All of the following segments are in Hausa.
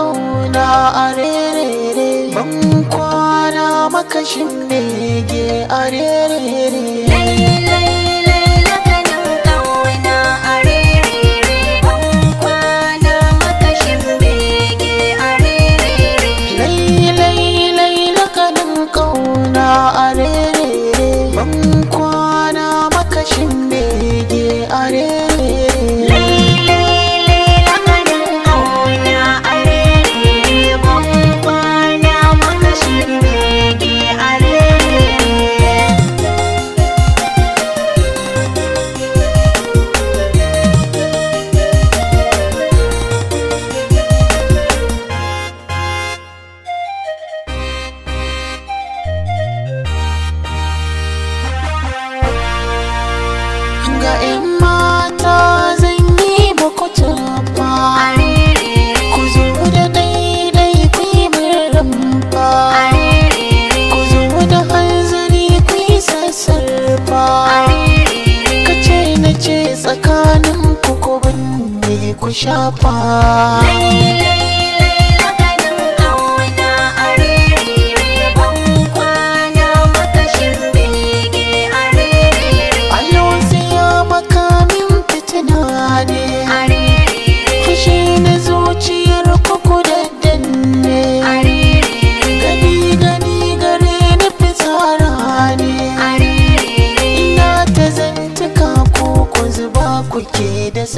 zauna a rere ban kwana makashin bege a rere shafa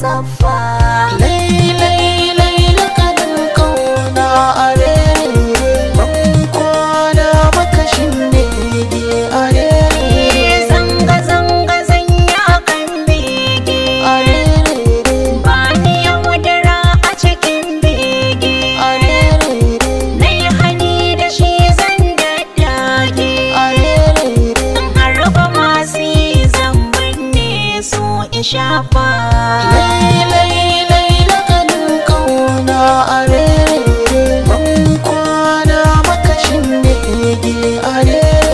myself shafa lailai lailakalin kauna a rere ban kwana makashin da a rere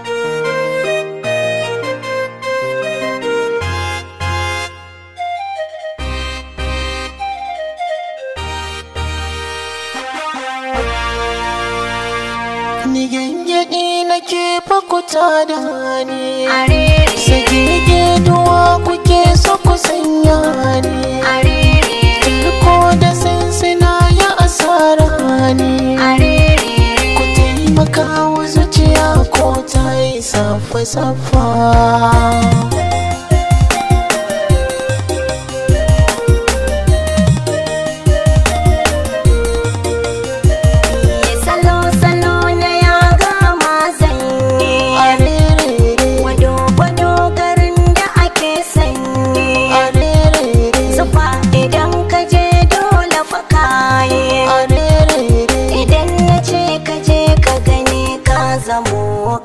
wuta da hani sagege duwa kuke so ku sanya hani ko da sinsina ya asara hani ku taimaka wa zuciya ko ta yi safa-safa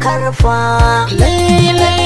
karfa lailai